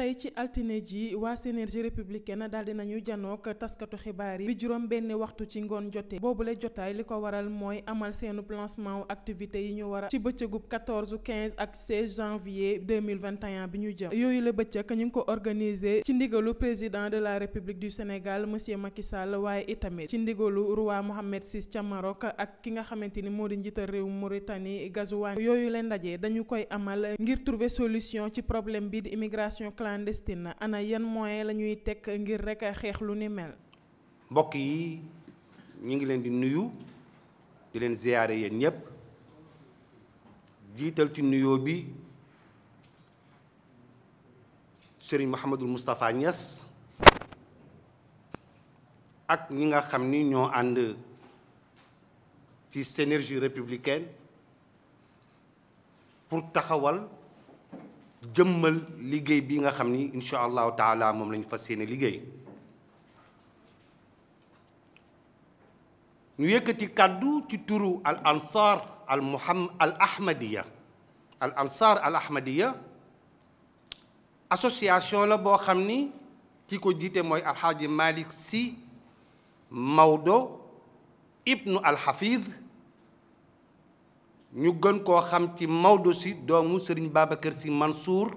tey ci altine ji waa Synergie républicaine daal di nañu janook taskatu xibaar yi bi juróom benn waxtu ci ngoon jotee boobule jotaay li ko waral mooy amal seenu lancement activité yi ñu war a ci bëccëgub 14 15 ak 16 janvier 2021 bi ñu jëm yooyu la bëccëg ñu ngi ko organiser ci ndigalu président de la république du Sénégal monsieur Macky Sall waaye itamit ci ndigalu roi Mohammed VI ca Maroc ak ki nga xamante ni moo di njiital réew Mauritanie Gazouane yooyu leen ndaje dañu koy amal ngir trouver solution ci problème bi di clandestine ana yan moyen la ñuy teg ngir rek xeex lu ni mel. mbokk yi ñu ngi leen di nuyu di leen ziyaare yéen ñëpp jiital ci nuyoo bi sëriñ Mouhamadul Moustapha Niass ak ñi nga xam ni ñoo ànd ci synergie républicaine pour taxawal. jëmmal liggéey bi nga xam ni incha allahu taala moom lañu ñu fas yéene liggéey ñu yëkkati kàddu ci turu al ansar al muham al ahmadiya association la boo xam ni kii ko jiite mooy alxaaji malik si mawdo ibnu alxafiz ñu gën koo xam ci Maodo si doomu Serigne Babacar si Mansour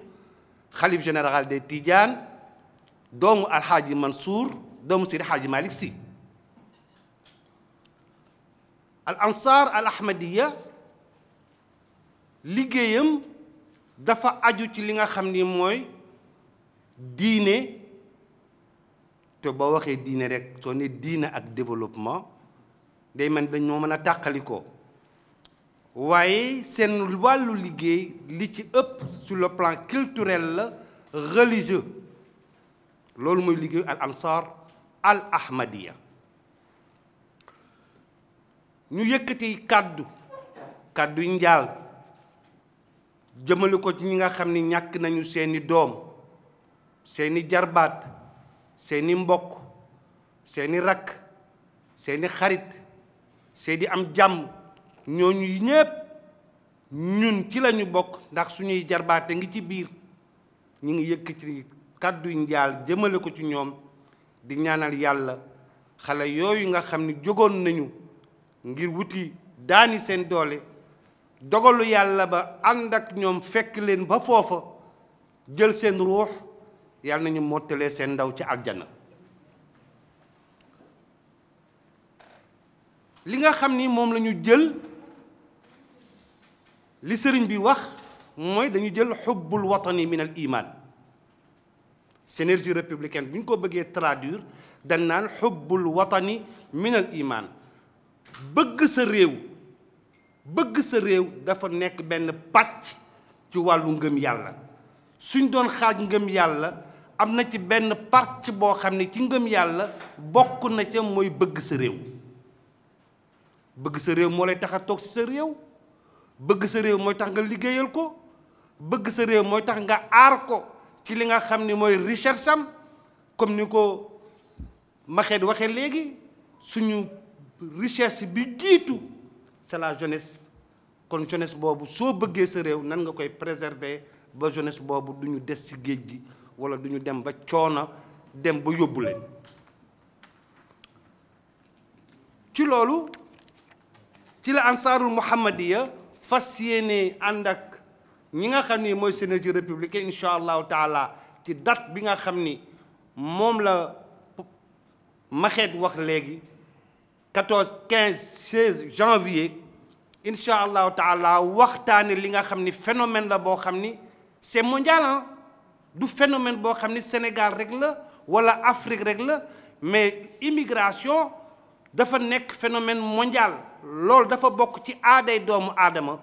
xalif général des Tidiane doomu Alxaaji Mansour doomu Seydi Xaaji malik si al ansar liggéeyam dafa aju ci li nga xam ni mooy diine te boo waxee diine rek soo ne diine ak développement de man dañoo mën a tàqali waaye seen wàllu liggéey li ci ëpp sur le plan culturel la religieux loolu mooy liggéeyu al ansar al ahmadiya ñu yëkkati kàddu kàddu njaal jëmale ko ci ñi nga xam ni ñàkk nañu seeni doom seeni jarbaat seeni mbokk seeni rakk seeni xarit seeni am jàmm ñooñu ñépp ñun ci lañu bokk ndax suñuy jarbaate ngi ci biir ñu ngi yëkk yëkkati kàddu njaal jëmale ko ci ñoom di ñaanal yàlla xale yooyu nga xam ni jógoon nañu ngir wuti daani seen doole dogalu yàlla ba ànd ak ñoom fekk leen ba foofa jël seen ruux yàlla nañu mottalee seen ndaw ci aljana li nga xam ni moom lañu jël li sëriñ bi wax mooy dañu jël xubbul watani min imaan iman synergie républicaine bi ñu ko bëggee traduire dañ naan xubbul watani min imaan bëgg sa réew bëgg sa réew dafa nekk benn pàcc ci wàllu ngëm yàlla suñ doon xaaj ngëm yàlla am na ci benn pàcc boo xam ne ci ngëm yàlla bokk na ca mooy bëgg sa réew bëgg sa réew moo lay tax a toog si sa réew bëgg sa réew mooy tax nga liggéeyal ko bëgg sa réew mooy tax nga aar ko ci li nga xam ni mooy recherche am comme ni ko Maxed waxee léegi suñu recherche bi jiitu c'est la jeunesse kon jeunesse boobu soo bëggee sa réew nan nga koy préserver ba jeunesse boobu duñu des ci géej gi wala duñu dem ba coono dem ba yóbbu leen ci loolu ci la ansaarul muhammadiya fas yéene ànd ak ñi nga xam ni mooy synergie républicaine incha allahu taala ci dat bi nga xam ni moom la maxeet wax léegi 14 15 16 janvier incha allahu taala waxtaane li nga xam ni phénomène la boo xam ni c'est mondial du phénomène boo xam ni Sénégal rek la wala Afrique rek la mais immigration dafa nekk phénomène mondial loolu dafa bokk ci aaday doomu aadama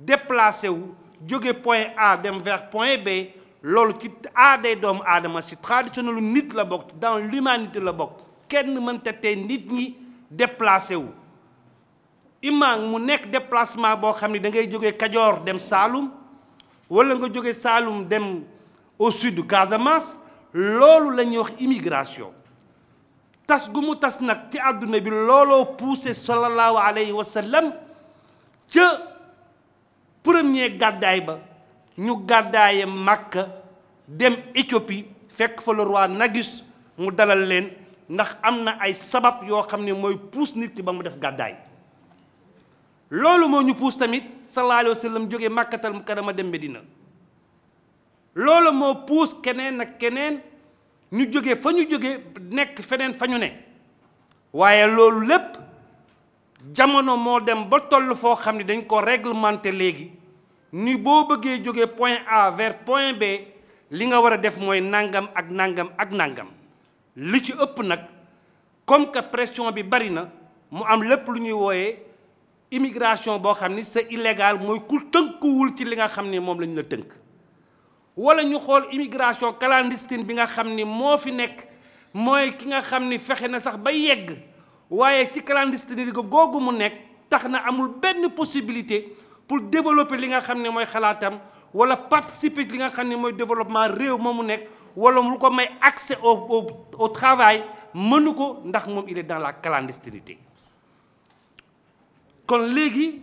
déplacé wu jóge point A dem vers point B loolu ci aaday doomu aadama si traditionnel lu nit la bokk dans l'humanité la bokk kenn mënta tey nit ñi déplacé wu ima mu nekk déplacement boo xam ni da ngay jóge Kajoor dem Saalum wala nga jóge Saalum dem au sud Casamance loolu la ñuy wax immigration tas gu mu tas nag ci àdduna bi looloo poussé sallallahu alayhi wa sallam ca premier gàddaay ba ñu gàddaaye Makka dem Éthiopie fekk fa le Nagus mu dalal leen ndax am na ay sabab yoo xam ne mooy puus nit ki ba mu def gàddaay loolu moo ñu puus tamit sallallahu alayhi wa sallam màkkatal mukarama dem Medina loolu moo puus keneen ak keneen ñu jóge fa ñu jóge nekk feneen fa ñu ne waaye loolu lépp jamono moo dem ba toll foo xam ne dañ ko réglementé léegi ni boo bëggee jóge point A vers point B li nga war a def mooy nangam ak nangam ak nangam li ci ëpp nag comme que pression bi bari na mu am lépp lu ñuy wooye immigration boo xam ni c'est illégal mooy ku tënkuwul ci li nga xam ni moom lañu la tënk. wala ñu xool immigration clandestine bi nga xam ni moo fi nekk mooy ki nga xam ni fexe na sax ba yegg waaye ci clandestine bi googu mu nekk tax na amul benn possibilité pour développer li nga xam ne mooy xalaatam wala participer li nga xam ne mooy développement réew moo mu nekk wala lu ko may accès au au travail mënu ko ndax moom il est dans la clandestinité kon léegi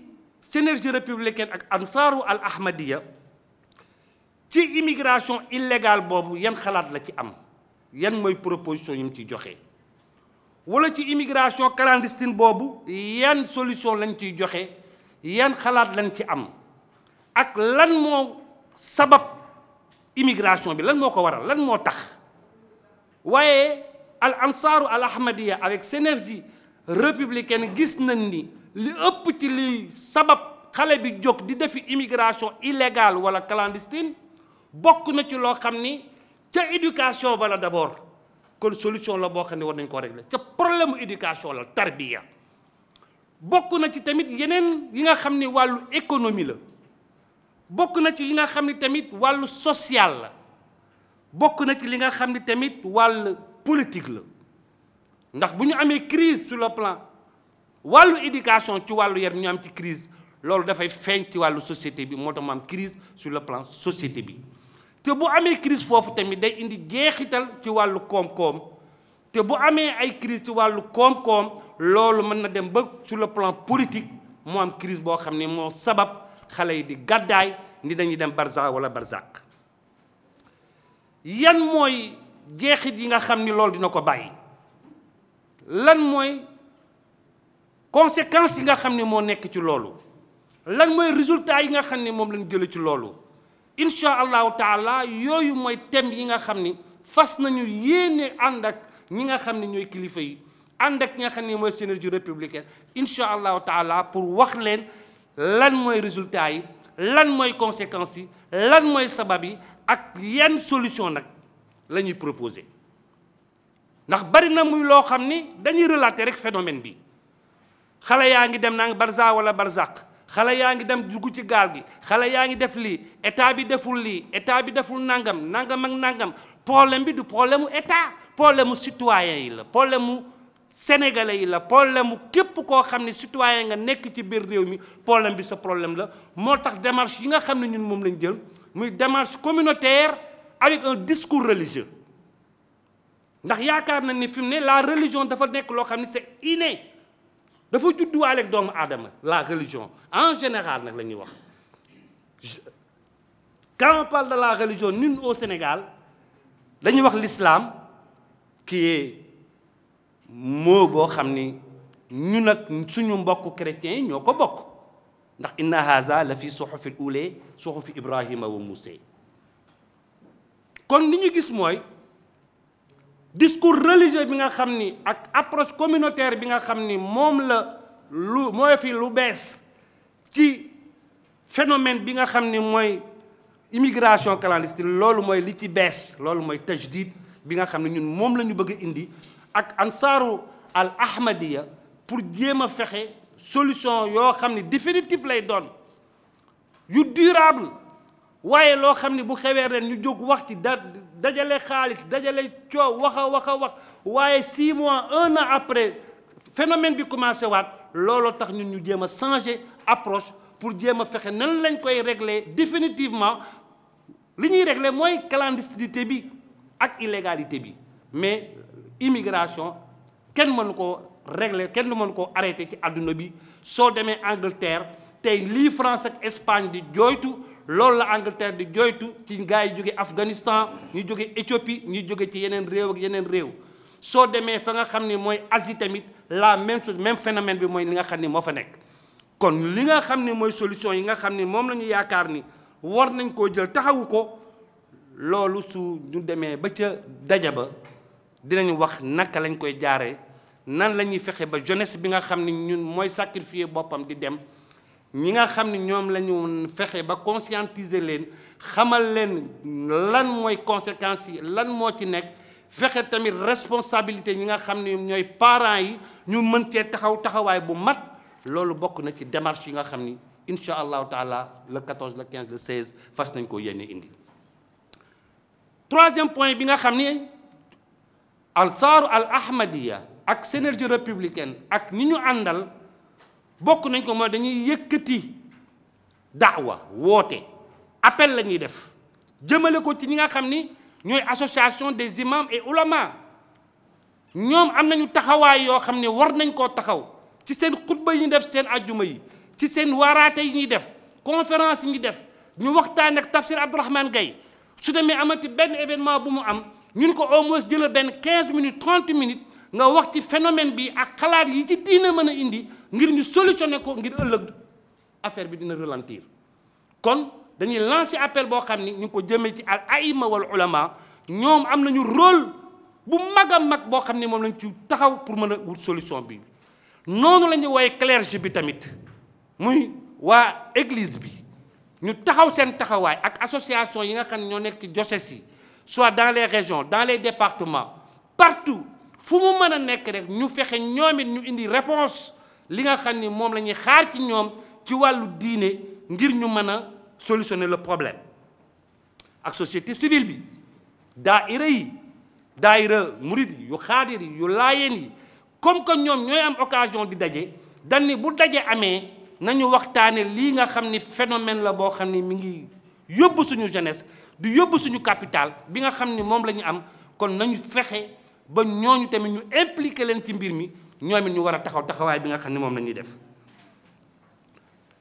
synergie républicaine ak ansaaru al ahmadiya ci immigration illégal boobu yan xalaat la ci am yan mooy proposition yi mu ci joxe wala ci immigration clandestine boobu yan solution lañ ciy joxe yan xalaat lañ ci am ak lan moo sabab immigration bi lan moo ko waral lan moo tax waaye al ansaaru al ahmadiya avec synergie républicaine gis nañ ni li ëpp ci li sabab xale bi jóg di defi immigration illégale wala clandestine bokk na ci loo xam ni ca éducation ba la d'abord kon solution la boo xam ne war nañ koo rek régler ca problème éducation la tarbiya bokk na ci tamit yeneen yi nga xam ni wàllu économie la bokk na ci li nga xam ni tamit wàllu social la bokk na ci li nga xam ni tamit wàllu politique la ndax bu ñu amee crise sur le plan wàllu éducation ci wàllu yar ñu am ci crise loolu dafay feeñ ci wàllu société bi moo tax mu am crise sur le plan société bi te bu amee crise foofu tamit day indi jeexital ci wàllu koom-koom te bu amee ay crise ci wàllu koom-koom loolu mën na dem ba sur le plan politique moo am crise boo xam ne moo sabab xale yi di gàddaay ni dañuy dem barza wala barzak yan mooy jeexit yi nga xam ni loolu dina ko bàyyi lan mooy conséquences yi nga xam ne moo nekk ci loolu lan mooy résultat yi nga xam ne moom lañ jële ci loolu incha allahu taala yooyu mooy thème yi nga xam ni fas nañu yéene ànd ak ñi nga xam ne ñooy kilifa yi ànd ak ñi nga xam ne mooy synergie républicaine incha allahu taala pour wax leen lan mooy résultat yi lan mooy conséquences yi lan mooy sabab yi ak yan solution nag la ñuy proposer ndax bari na muy loo xam ni dañuy relater rek phénomène bi xale yaa ngi dem naa ngi barza wala barzaq xale yaa ngi dem dugg ci gaal gi xale yaa ngi def lii état bi deful lii état bi deful nangam nangam ak nangam problème bi du problème mu état problème mu citoyen yi la problème mu sénégalais yi la problème mu képp koo xam ne citoyen nga nekk ci biir réew mi problème bi sa problème la moo tax démarche yi nga xam ne ñun moom lañ jël muy démarche communautaire avec un discours religieux ndax yaakaar na ni fi mu ne la religion dafa nekk loo xam ne c'est inné dafa judduwaale ak doomu aadama la religion en général nag la ñuy wax quand on parle la religion ñun au Sénégal dañuy wax lislaam ki est moo boo xam ni ñun nag suñu mbokk chrétiens yi ñoo ko bokk ndax inna haza la fi suxufil ule suxufi ibrahima wa muse kon li ñu gis mooy discours religieux bi nga xam ni ak approche communautaire bi nga xam ni moom la lu mooy fi lu bees ci phénomène bi nga xam ni mooy immigration clandestine loolu mooy li ci bees loolu mooy tajdid bi nga xam ne ñun moom la ñu bëgg indi ak ansaaru al ahmadiya pour jéem a fexe solution yoo xam ne définitif lay doon yu durable waaye loo xam ne bu xewee ren ñu jóg waxti da dajale xaalis dajale coow wax a wax a wax waaye six mois un an après phénomène bi commencé waat looloo tax ñun ñu jéem a changer approche pour jéem a fexe nan lañ koy régler définitivement li ñuy régler mooy clandestinité bi ak illégalité bi mais immigration kenn mënu koo régler kenn mënu koo arrêter ci àdduna bi soo demee Angleterre tey lii France ak Espagne di jooytu loolu la Angleterre di joytu ci gars yi jóge Afghanistan ñu jóge Éthiopie ñu jóge ci yeneen réew ak yeneen réew soo demee fa nga xam ni mooy Asie tamit la même chose bi mooy li nga xam ni moo fa nekk kon li nga xam ni mooy solution yi nga xam ni moom la ñu yaakaar ni war nañ koo jël taxawu ko loolu su ñu demee ba ca daja ba dinañu wax naka lañ koy jaaree nan la ñuy fexe ba jeunesse bi nga xam ni ñun mooy sacrifier boppam di dem ñi nga xam ni ñoom la ñu fexe ba conscientiser leen xamal leen lan mooy conséquences yi lan moo ci nekk fexe tamit responsabilité ñi nga xam ne ñooy parents yi ñu mën cee taxaw taxawaay bu mat loolu bokk na ci démarche yi nga xam ni incha allahu taala le 14 le 15 le 16 fas nañ ko yéene indi. troisième point bi nga xam ni al saaru al ahmadiya ak synergie républicaine ak ni ñu àndal. bokk nañ ko mooy dañuy yëkkati daawa woote appel la ñuy def jëmale ko ci ñi nga xam ni ñooy association des imams et ulama ñoom am nañu taxawaay yoo xam ne war nañ koo taxaw ci seen xutba yi ñu def seen ajjuma yi ci seen waaraate yi ñuy def conférence yi ñu def ñu waxtaan ak tafsir Abdourahmane Gaye su demee amati benn événement bu mu am ñu ne ko au moins jëla benn quinze minutes 30 minutes nga wax ci phénomène bi ak xalaat yi ci diina mën a indi ngir ñu solutionné ko ngir ëllëg affaire bi dina ralentir kon dañuy lancé appel boo xam ni ñu ngi ko jëmee ci al aïma wal ulama ñoom am na ñu rôle bu mag a mag boo xam ni moom lañ ci taxaw pour mën a wut solution bi noonu la ñuy wooye clergé bi tamit muy waa église bi ñu taxaw seen taxawaay ak association yi nga xam ne ñoo nekk jose si yi soit dans les régions dans les départements partout fu mu mën a nekk rek ñu fexe ñoom it ñu indi réponse li nga xam ni moom la ñuy xaar ci ñoom ci wàllu diine ngir ñu mën a solutionner le problème ak société civile bi daaira yi daa daaira murid yu xaadir yi yu laayeen yi comme que ñoom ñooy am occasion di daje dañ bu daje amee nañu waxtaane lii nga xam ni phénomène la boo xam ni mi ngi yóbbu suñu jeunesse di yóbbu suñu capital bi nga xam ni moom la ñu am kon nañu fexe ba ñooñu tamit ñu impliqué leen ci mbir mi ñoom ñu war a taxaw taxawaay bi nga xam ne moom la ñuy def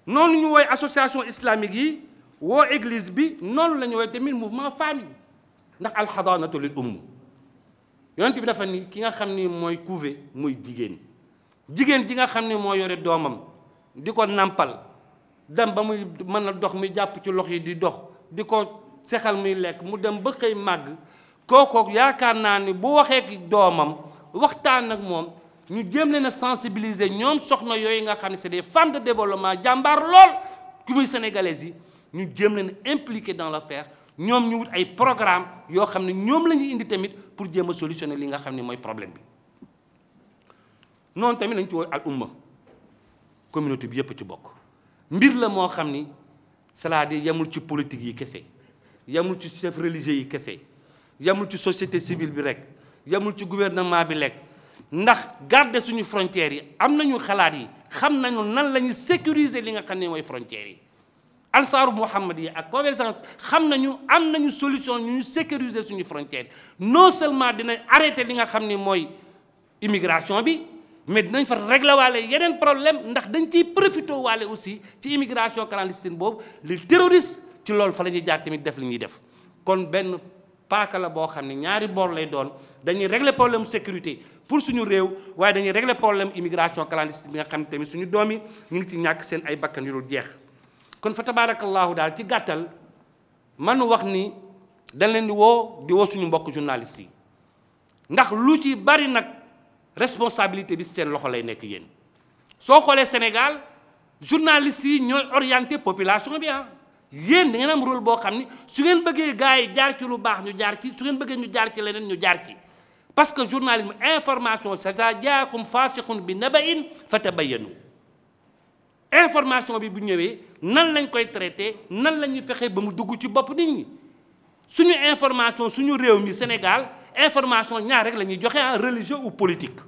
noonu ñu woy association islamique yi woo église bi noonu lañu ñu woy tamit mouvement femme yi ndax alxadaanatu lil umm yonent bi dafa ni ki nga xam ni mooy couvé muy jigéen jigéen ji nga xam ne moo yore doomam di ko nàmpal dem ba muy mën a dox muy jàpp ci loxo yi di dox di ko sexal muy lekk mu dem ba xëy màgg kooku yaakaar naa ni bu waxee ki doomam waxtaan ak moom ñu jéem leen a sensibiliser ñoom soxna yooyu nga xam ne c'est des femmes de développement jàmbaar lool ku muy sénégalaises yi ñu jéem leen impliqué dans l'affaire ñoom ñu wut ay programme yoo xam ne ñoom la ñuy indi tamit pour jéem a solutionner li nga xam ne mooy problème bi noonu tamit lañ ci woo al umma communauté bi yëpp ci bokk mbir la moo xam ni c'est-à-dire ci politique yi kese yemul ci chef religieux yi kese yemul ci société civile bi rek yemul ci gouvernement bi lekk ndax garder suñu frontières yi am nañu xalaat yi xam nañu nan la ñuy sécuriser li nga xam ne mooy frontières yi ansaaru muhammad yi ak convergence xam nañu am nañu solution ñu sécuriser suñu frontière non seulement dinañ arrêter li nga xam ni mooy immigration bi mais dinañ fa régler waale yeneen problème ndax dañ ciy profité waale aussi ci immigration clandestine boobu li terroriste ci loolu fa la ñuy jaar tamit def li ñuy def kon benn paaka la boo xam ne ñaari boor lay doon dañuy régler sécurité pour suñu réew waaye dañuy régler problème immigration clandestine bi nga xam ne tamit suñu doom yi ñu ngi ci ñàkk seen ay bakkan yu dul jeex kon fa tabaarakallaahu daal ci gàttal man wax ni dañ leen di woo di woo suñu mbokk journaliste yi ndax lu ci bari nag responsabilité bi seen loxo lay nekk yéen soo xoolee Sénégal journaliste yi ñooy oriente population bi ah yéen da ngeen am rôle boo xam ni su ngeen bëggee gaa yi jaar ci lu baax ñu jaar ci su ngeen bëggee ñu jaar ci leneen ñu jaar ci parce que journalisme information sa jaakum fasiqun bi nabain fa tabayanu information bi bu ñëwee nan lañ koy traité nan la ñuy fexee ba mu dugg ci bopp niñ suñu information suñu réew mi Sénégal information ñaar rek la ñuy joxe en religieux ou politique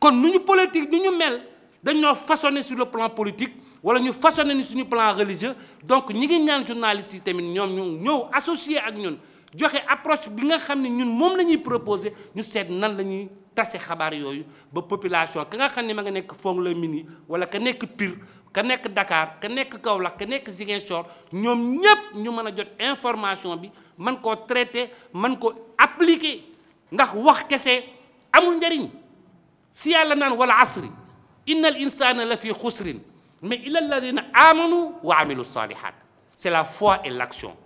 kon nu ñu politique nu ñu mel dañoo façonné sur le plan politique wala ñu façonné ni suñu plan religieux donc ñi ngi ñaan journalistes yi tamit ñoom ñu ñëw associé ak ñun joxe approche bi nga xam ne ñun moom la ñuy proposé ñu seet nan la ñuy tase xabaar yooyu ba population ka nga xam ne ma nga nekk Fongolimbi wala ka nekk Pire ka nekk Dakar ka nekk Kaolack ka nekk Ziguinchor ñoom ñépp ñu mën a jot information bi man koo traité man ko appliqué ndax wax kese amul njariñ si yàlla naan wala asri inna al insana la fi xusrin mais ila alladina amanu wa amilu salihat c'est la fois et l'action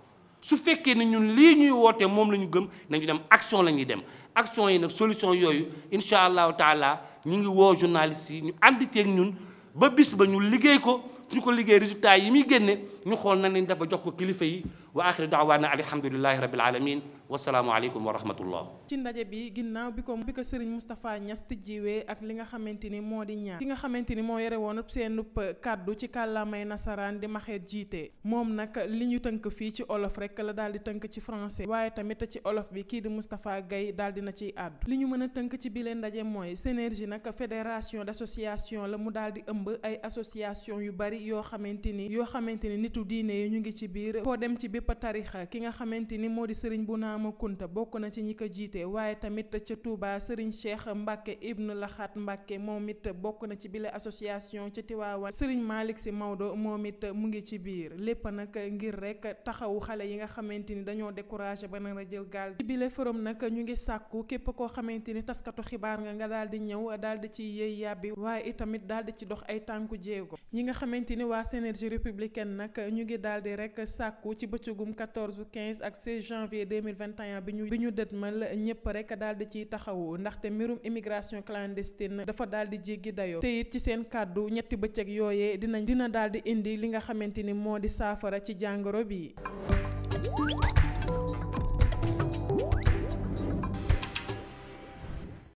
su fekkee ne ñun lii ñuy woote moom la ñu gëm nañu dem action lañuy dem action yi nag solution yooyu incha allahu taala ñu ngi woo journaliste yi ñu ànd ñun ba bis ba ñu liggéey ko suñu ko liggéey résultat yi muy génne ñu xool na nañ dafa jox ko kilifa yi wa axiru daawaana alhamdulilahi rabil alamin wasalaamualeykum wa rahmatullah ci ndaje bi ginnaaw bi ko bi ko sëriñ Moustapha Niass tijjiwee ak li nga xamante ni moo di ñaan ki nga xamante ni moo yore woon seenub kàddu ci kàllaamay nasaraan di maxeet jiite moom nag li ñu tënk fii ci olof rek la daal di tënk ci français waaye tamit ci olof bi kii di Moustapha Gaye daal di na ci àddu li ñu mën a tënk ci bile ndaje mooy Synergie nag fédération asociation la mu daal di ëmb ay association yu bari yoo xamante ni yoo xamante ni nitu diine yi ñu ngi ci biir foo dem ci bépp bépp tarixa ki nga xamante ni moo di sëriñ Bunaama Kunta bokk na ci ñi ko jiite waaye tamit ca Touba sëriñ Cheikh Mbacke Ibn Laxat Mbacke moom it bokk na ci bile association ca Tiwaawan sëriñ Malick si Maodo moom it mu ngi ci biir lépp nag ngir rek taxawu xale yi nga xamante ni dañoo découragé ba nar a jël gaal ci bile forom nag ñu ngi sàkku képp koo xamante ni taskatu xibaar nga nga daal di ñëw daal di ci yëy yàbbi waaye itamit daal di ci dox ay tànku jéego ñi nga xamante ni waa Synergie républicaine nag ñu ngi daal di sàkku ci bëccëg gum 14 15 ak 16 janvier 2021 bi ñu bi ñu dëtmal ñëpp rek daal di ciy taxawu ndaxte mbirum immigration clandestine dafa daal di jéggi dayoo ci seen kàddu ñetti bëccëg yooyee dina dina daal di indi li nga xamante ni moo di saafara ci jàngoro bi